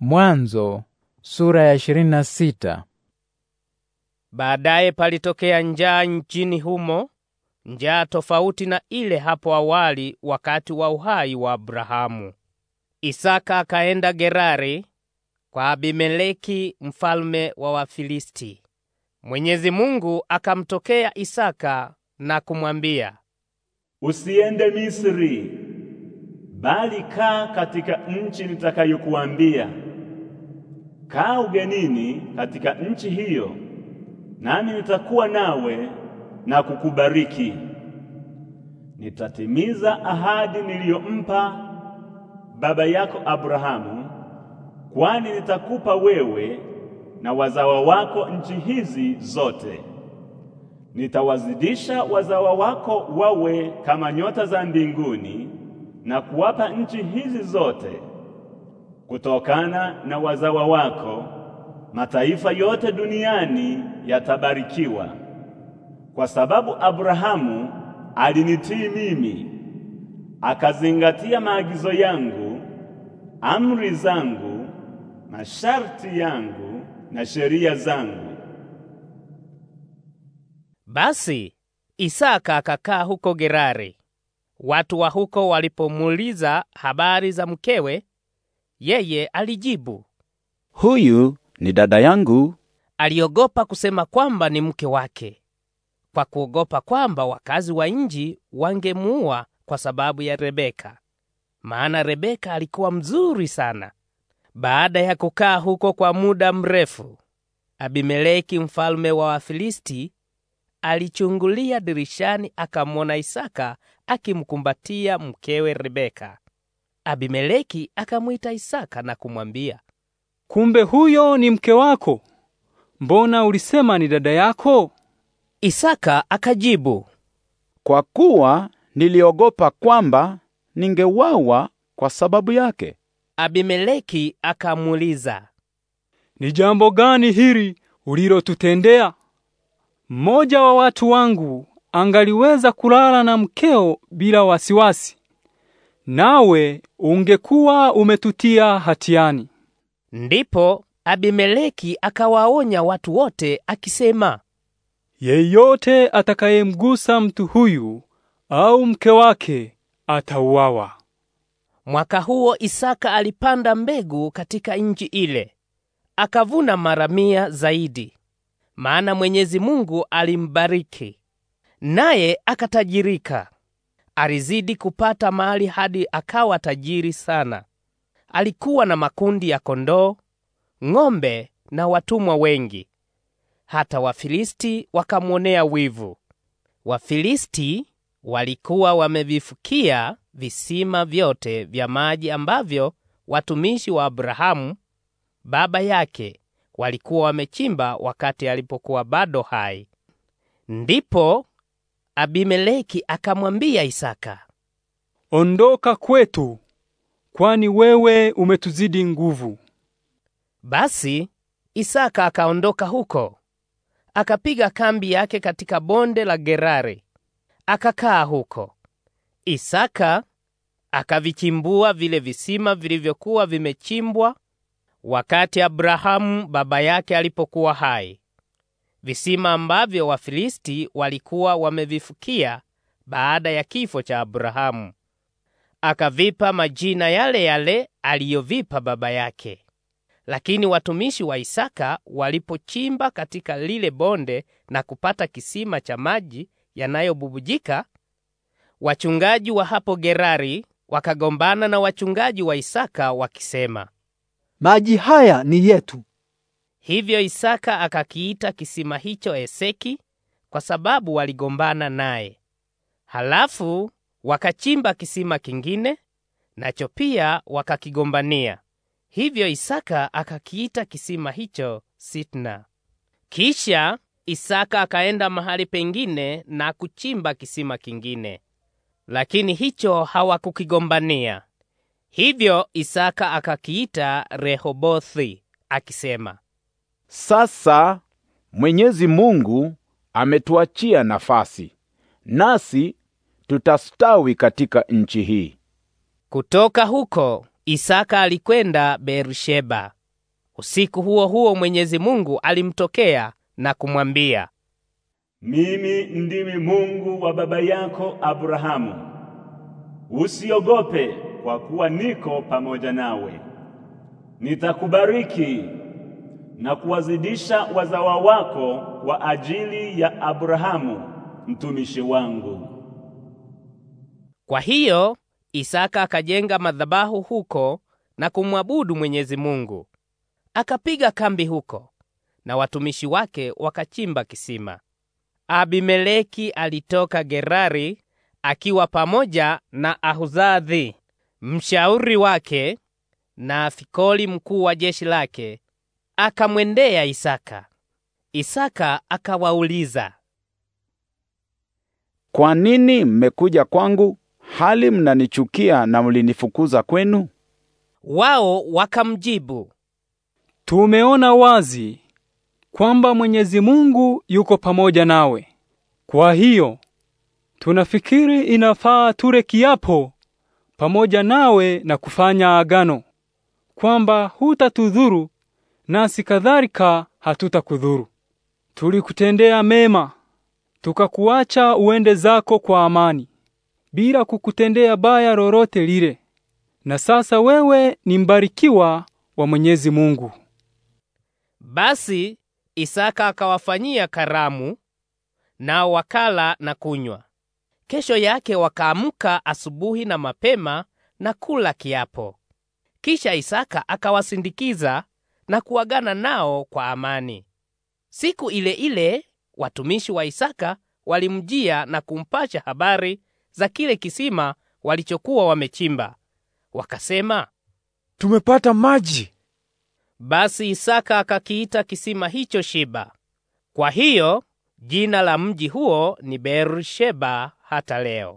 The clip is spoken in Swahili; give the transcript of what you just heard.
Mwanzo sura ya 26. Baadaye palitokea njaa nchini humo, njaa tofauti na ile hapo awali wakati wa uhai wa Abrahamu. Isaka akaenda Gerari kwa Abimeleki mfalme wa Wafilisti. Mwenyezi Mungu akamtokea Isaka na kumwambia, usiende Misri, bali kaa katika nchi nitakayokuambia kaa ugenini katika nchi hiyo, nami nitakuwa nawe na kukubariki. Nitatimiza ahadi niliyompa baba yako Abrahamu, kwani nitakupa wewe na wazawa wako nchi hizi zote. Nitawazidisha wazawa wako wawe kama nyota za mbinguni na kuwapa nchi hizi zote Kutokana na wazawa wako mataifa yote duniani yatabarikiwa. Kwa sababu Abrahamu alinitii mimi, akazingatia maagizo yangu, amri zangu, masharti yangu na sheria zangu. Basi Isaka akakaa huko Gerari. Watu wa huko walipomuuliza habari za mkewe, yeye alijibu, huyu ni dada yangu. Aliogopa kusema kwamba ni mke wake, kwa kuogopa kwamba wakazi wa nji wangemuua kwa sababu ya Rebeka, maana Rebeka alikuwa mzuri sana. Baada ya kukaa huko kwa muda mrefu, Abimeleki mfalme wa Wafilisti alichungulia dirishani akamwona Isaka akimkumbatia mkewe Rebeka. Abimeleki akamwita Isaka na kumwambia, kumbe huyo ni mke wako, mbona ulisema ni dada yako? Isaka akajibu, kwa kuwa niliogopa kwamba ningewawa kwa sababu yake. Abimeleki akamuuliza, ni jambo gani hili ulilotutendea? Mmoja wa watu wangu angaliweza kulala na mkeo bila wasiwasi, nawe ungekuwa umetutia hatiani. Ndipo Abimeleki akawaonya watu wote akisema, yeyote atakayemgusa mtu huyu au mke wake atauawa. Mwaka huo Isaka alipanda mbegu katika nchi ile, akavuna mara mia zaidi, maana Mwenyezi Mungu alimbariki naye akatajirika. Alizidi kupata mali hadi akawa tajiri sana. Alikuwa na makundi ya kondoo, ng'ombe na watumwa wengi. Hata Wafilisti wakamwonea wivu. Wafilisti walikuwa wamevifukia visima vyote vya maji ambavyo watumishi wa Abrahamu baba yake walikuwa wamechimba wakati alipokuwa bado hai. Ndipo Abimeleki akamwambia Isaka, Ondoka kwetu, kwani wewe umetuzidi nguvu. Basi Isaka akaondoka huko, akapiga kambi yake katika bonde la Gerari, akakaa huko. Isaka akavichimbua vile visima vilivyokuwa vimechimbwa wakati Abrahamu baba yake alipokuwa hai visima ambavyo Wafilisti walikuwa wamevifukia baada ya kifo cha Abrahamu. Akavipa majina yale yale aliyovipa baba yake. Lakini watumishi wa Isaka walipochimba katika lile bonde na kupata kisima cha maji yanayobubujika, wachungaji wa hapo Gerari wakagombana na wachungaji wa Isaka wakisema, maji haya ni yetu. Hivyo Isaka akakiita kisima hicho Eseki kwa sababu waligombana naye. Halafu wakachimba kisima kingine nacho pia wakakigombania. Hivyo Isaka akakiita kisima hicho Sitna. Kisha Isaka akaenda mahali pengine na kuchimba kisima kingine, lakini hicho hawakukigombania. Hivyo Isaka akakiita Rehobothi akisema, sasa Mwenyezi Mungu ametuachia nafasi, nasi tutastawi katika nchi hii. Kutoka huko Isaka alikwenda Beersheba. Usiku huo huo Mwenyezi Mungu alimtokea na kumwambia, mimi ndimi Mungu wa baba yako Abrahamu. Usiogope, kwa kuwa niko pamoja nawe. Nitakubariki na kuwazidisha wazawa wako kwa ajili ya Abrahamu mtumishi wangu. Kwa hiyo Isaka akajenga madhabahu huko na kumwabudu Mwenyezi Mungu. Akapiga kambi huko na watumishi wake wakachimba kisima. Abimeleki alitoka Gerari akiwa pamoja na Ahuzadhi mshauri wake na Fikoli mkuu wa jeshi lake akamwendea Isaka. Isaka akawauliza, kwa nini mmekuja kwangu hali mnanichukia na mlinifukuza kwenu? Wao wakamjibu, tumeona wazi kwamba Mwenyezi Mungu yuko pamoja nawe, kwa hiyo tunafikiri inafaa ture kiapo pamoja nawe na kufanya agano kwamba hutatudhuru nasi kadhalika hatutakudhuru. Tulikutendea mema tukakuacha uende zako kwa amani bila kukutendea baya lolote lile. Na sasa wewe ni mbarikiwa wa Mwenyezi Mungu. Basi Isaka akawafanyia karamu, nao wakala na kunywa. Kesho yake wakaamka asubuhi na mapema na kula kiapo. Kisha Isaka akawasindikiza na kuagana nao kwa amani. Siku ile ile watumishi wa Isaka walimjia na kumpasha habari za kile kisima walichokuwa wamechimba. Wakasema, tumepata maji. Basi Isaka akakiita kisima hicho Shiba. Kwa hiyo jina la mji huo ni Beersheba hata leo.